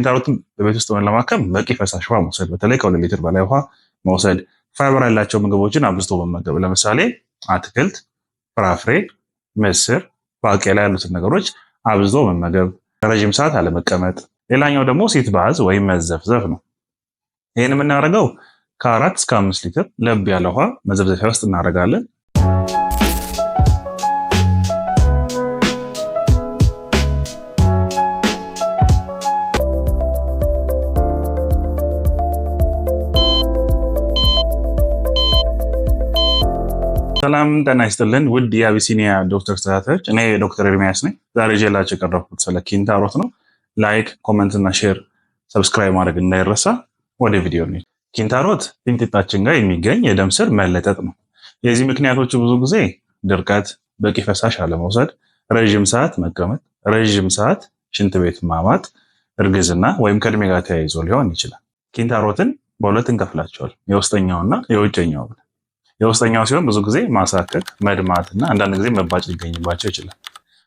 እንዳሉትም በቤት ውስጥ ሆነን ለማከም በቂ ፈሳሽ ውሃ መውሰድ፣ በተለይ ከሁለት ሊትር በላይ ውሃ መውሰድ፣ ፋይበር ያላቸው ምግቦችን አብዝቶ መመገብ፣ ለምሳሌ አትክልት፣ ፍራፍሬ፣ ምስር፣ ባቄላ ያሉትን ነገሮች አብዝቶ መመገብ፣ ረዥም ሰዓት አለመቀመጥ። ሌላኛው ደግሞ ሲት ባዝ ወይም መዘፍዘፍ ነው። ይህን የምናደርገው ከአራት እስከ አምስት ሊትር ለብ ያለ ውሃ መዘፍዘፊያ ውስጥ እናደርጋለን። ሰላም ጤና ይስጥልን ውድ የአቢሲኒያ ዶክተር ተከታታዮች፣ እኔ ዶክተር ኤርሚያስ ነኝ። ዛሬ ጀላቸው የቀረብኩት ስለ ኪንታሮት ነው። ላይክ፣ ኮመንት እና ሼር ሰብስክራይብ ማድረግ እንዳይረሳ። ወደ ቪዲዮ ነ ኪንታሮት ፊንጢጣችን ጋር የሚገኝ የደም ስር መለጠጥ ነው። የዚህ ምክንያቶቹ ብዙ ጊዜ ድርቀት፣ በቂ ፈሳሽ አለመውሰድ፣ ረዥም ሰዓት መቀመጥ፣ ረዥም ሰዓት ሽንት ቤት ማማት፣ እርግዝና ወይም ከእድሜ ጋር ተያይዞ ሊሆን ይችላል። ኪንታሮትን በሁለት እንከፍላቸዋል፣ የውስጠኛውና የውጨኛው ብለን የውስጠኛው ሲሆን ብዙ ጊዜ ማሳከክ፣ መድማት እና አንዳንድ ጊዜ መባጭ ሊገኝባቸው ይችላል።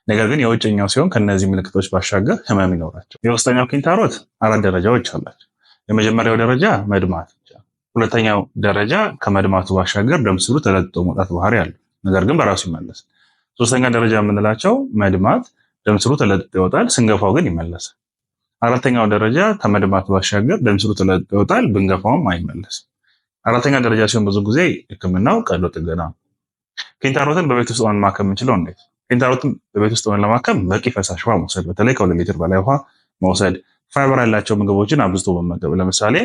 ነገር ግን የውጭኛው ሲሆን ከእነዚህ ምልክቶች ባሻገር ህመም ይኖራቸው። የውስጠኛው ኪንታሮት አራት ደረጃዎች አላቸው። የመጀመሪያው ደረጃ መድማት፣ ሁለተኛው ደረጃ ከመድማቱ ባሻገር ደም ስሩ ተለጥጦ መውጣት ባህሪ አለ ነገር ግን በራሱ ይመለስ። ሶስተኛ ደረጃ የምንላቸው መድማት፣ ደም ስሩ ተለጥጦ ይወጣል፣ ስንገፋው ግን ይመለሳል። አራተኛው ደረጃ ከመድማቱ ባሻገር ደም ስሩ ተለጥጦ ይወጣል፣ ብንገፋውም አይመለስም። አራተኛ ደረጃ ሲሆን ብዙ ጊዜ ህክምናው ቀዶ ጥገና። ኪንታሮትን በቤት ውስጥ ሆነን ማከም የምንችለው እንዴት? ኪንታሮትን በቤት ውስጥ ሆነን ለማከም በቂ ፈሳሽ ውሃ መውሰድ፣ በተለይ ከሁለት ሊትር በላይ ውሃ መውሰድ፣ ፋይበር ያላቸው ምግቦችን አብዝቶ መመገብ፣ ለምሳሌ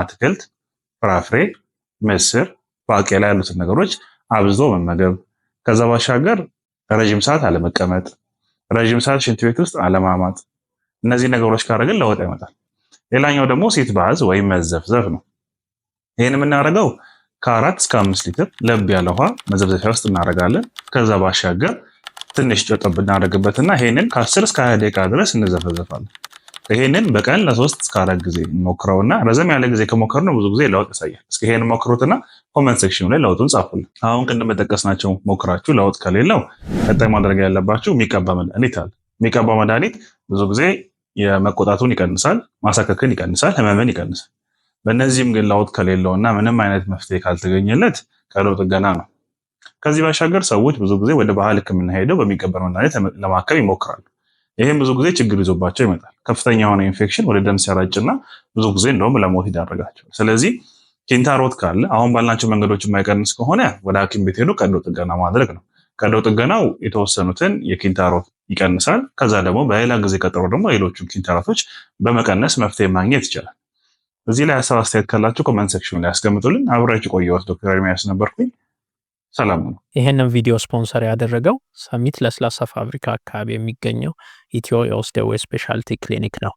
አትክልት፣ ፍራፍሬ፣ ምስር፣ ባቄላ ያሉትን ነገሮች አብዝቶ መመገብ። ከዛ ባሻገር ረዥም ሰዓት አለመቀመጥ፣ ረዥም ሰዓት ሽንት ቤት ውስጥ አለማማጥ። እነዚህ ነገሮች ካደረግን ለውጥ ይመጣል። ሌላኛው ደግሞ ሲት ባዝ ወይም መዘፍዘፍ ነው። ይህን የምናደርገው ከአራት እስከ አምስት ሊትር ለብ ያለ ውሃ መዘብዘፊያ ውስጥ እናደርጋለን። ከዛ ባሻገር ትንሽ ጨጠብ ጠብ እናደርግበትና ይሄንን ከአስር እስከ ሀያ ደቂቃ ድረስ እንዘፈዘፋለን። ይሄንን በቀን ለሶስት እስከ አራት ጊዜ እንሞክረውና ረዘም ያለ ጊዜ ነው ብዙ ጊዜ ለውጥ ያሳያል። እስኪ ይሄን ሞክሩትና ኮመንት ሴክሽኑ ላይ ለውጡን ጻፉልን። አሁን ቅድም የጠቀስናቸው ሞክራችሁ ለውጥ ከሌለው ቀጣይ ማድረግ ያለባችሁ የሚቀባ መድኃኒት አለ። የሚቀባ መድኃኒት ብዙ ጊዜ የመቆጣቱን ይቀንሳል፣ ማሳከክን ይቀንሳል፣ ህመምን ይቀንሳል። በእነዚህም ግን ለውጥ ከሌለው እና ምንም አይነት መፍትሄ ካልተገኘለት ቀዶ ጥገና ነው። ከዚህ ባሻገር ሰዎች ብዙ ጊዜ ወደ ባህል ሕክምና ሄደው በሚቀበር መድኃኒት ለማከም ይሞክራሉ። ይህም ብዙ ጊዜ ችግር ይዞባቸው ይመጣል። ከፍተኛ የሆነ ኢንፌክሽን ወደ ደም ሲያራጭና ብዙ ጊዜ እንደውም ለሞት ይዳረጋቸዋል። ስለዚህ ኪንታሮት ካለ አሁን ባልናቸው መንገዶች የማይቀንስ ከሆነ ወደ ሐኪም ቤት ሄዶ ቀዶ ጥገና ማድረግ ነው። ቀዶ ጥገናው የተወሰኑትን የኪንታሮት ይቀንሳል። ከዛ ደግሞ በሌላ ጊዜ ቀጠሮ ደግሞ ሌሎቹን ኪንታሮቶች በመቀነስ መፍትሄ ማግኘት ይቻላል። እዚህ ላይ ሀሳብ አስተያየት ካላችሁ ኮመንት ሴክሽን ላይ ያስቀምጡልን። አብራችሁ ቆየሁት። ዶክተር ኤርሚያስ ነበርኩኝ። ሰላም ነው። ይህንን ቪዲዮ ስፖንሰር ያደረገው ሰሚት ለስላሳ ፋብሪካ አካባቢ የሚገኘው ኢትዮ የወስደዌ ስፔሻልቲ ክሊኒክ ነው።